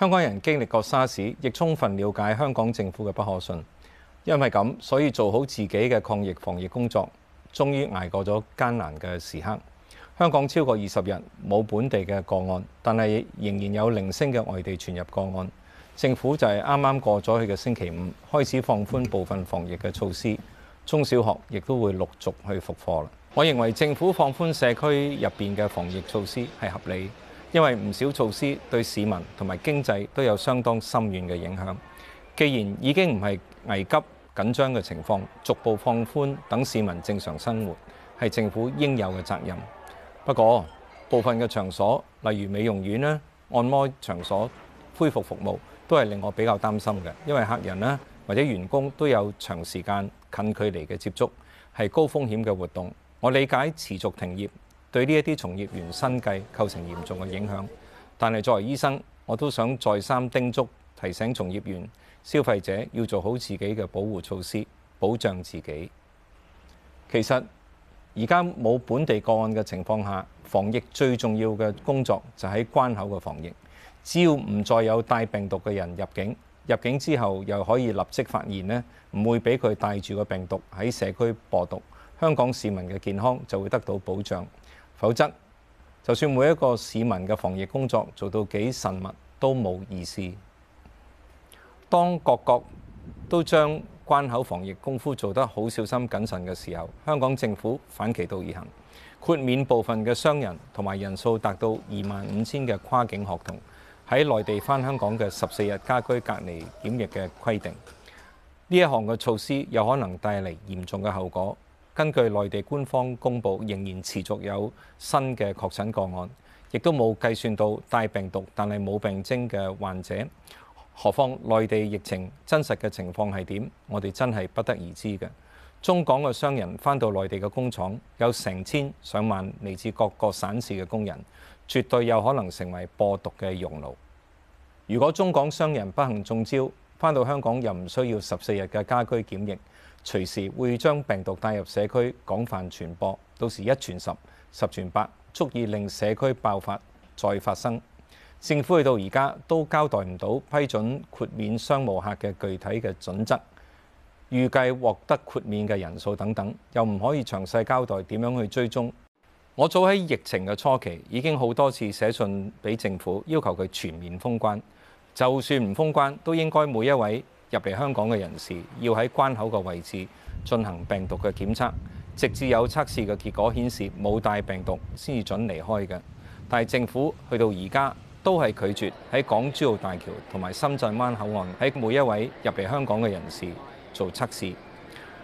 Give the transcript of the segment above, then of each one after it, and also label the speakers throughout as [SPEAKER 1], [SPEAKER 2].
[SPEAKER 1] 香港人經歷過沙士，亦充分了解香港政府嘅不可信。因為咁，所以做好自己嘅抗疫防疫工作，終於捱過咗艱難嘅時刻。香港超過二十日冇本地嘅個案，但係仍然有零星嘅外地傳入個案。政府就係啱啱過咗去嘅星期五，開始放寬部分防疫嘅措施，中小學亦都會陸續去復課啦。我認為政府放寬社區入面嘅防疫措施係合理。因為唔少措施對市民同埋經濟都有相當深遠嘅影響，既然已經唔係危急緊張嘅情況，逐步放寬等市民正常生活係政府應有嘅責任。不過部分嘅場所，例如美容院咧、按摩場所、恢復服務，都係令我比較擔心嘅，因為客人咧或者員工都有長時間近距離嘅接觸，係高風險嘅活動。我理解持續停業。對呢一啲從業員生計構成嚴重嘅影響，但係作為醫生，我都想再三叮囑提醒從業員、消費者要做好自己嘅保護措施，保障自己。其實而家冇本地個案嘅情況下，防疫最重要嘅工作就喺關口嘅防疫。只要唔再有帶病毒嘅人入境，入境之後又可以立即發現呢，唔會俾佢帶住個病毒喺社區播毒，香港市民嘅健康就會得到保障。否則，就算每一個市民嘅防疫工作做到幾慎密，都冇意思。當各國都將關口防疫功夫做得好小心謹慎嘅時候，香港政府反其道而行，豁免部分嘅商人同埋人數達到二萬五千嘅跨境學童喺內地返香港嘅十四日家居隔離檢疫嘅規定。呢一項嘅措施有可能帶嚟嚴重嘅後果。根據內地官方公布，仍然持續有新嘅確診個案，亦都冇計算到帶病毒但係冇病徵嘅患者。何況內地疫情真實嘅情況係點？我哋真係不得而知嘅。中港嘅商人返到內地嘅工廠，有成千上萬嚟自各個省市嘅工人，絕對有可能成為播毒嘅熔爐。如果中港商人不幸中招，返到香港又唔需要十四日嘅家居檢疫，隨時會將病毒帶入社區，廣泛傳播。到時一傳十，十傳百，足以令社區爆發再發生。政府去到而家都交代唔到批准豁免商務客嘅具體嘅準則，預計獲得豁免嘅人數等等，又唔可以詳細交代點樣去追蹤。我早喺疫情嘅初期已經好多次寫信俾政府，要求佢全面封關。就算唔封關，都應該每一位入嚟香港嘅人士，要喺關口個位置進行病毒嘅檢測，直至有測試嘅結果顯示冇帶病毒，先至准離開嘅。但係政府去到而家都係拒絕喺港珠澳大橋同埋深圳灣口岸喺每一位入嚟香港嘅人士做測試。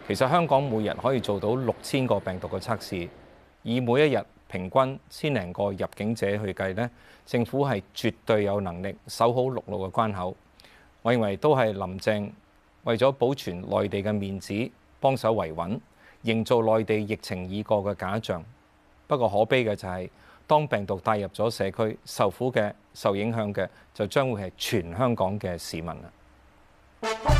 [SPEAKER 1] 其實香港每日可以做到六千個病毒嘅測試，而每一日平均千零個入境者去計呢，政府係絕對有能力守好陸路嘅關口。我認為都係林鄭為咗保存內地嘅面子，幫手維穩，營造內地疫情已過嘅假象。不過可悲嘅就係、是，當病毒帶入咗社區，受苦嘅、受影響嘅，就將會係全香港嘅市民啦。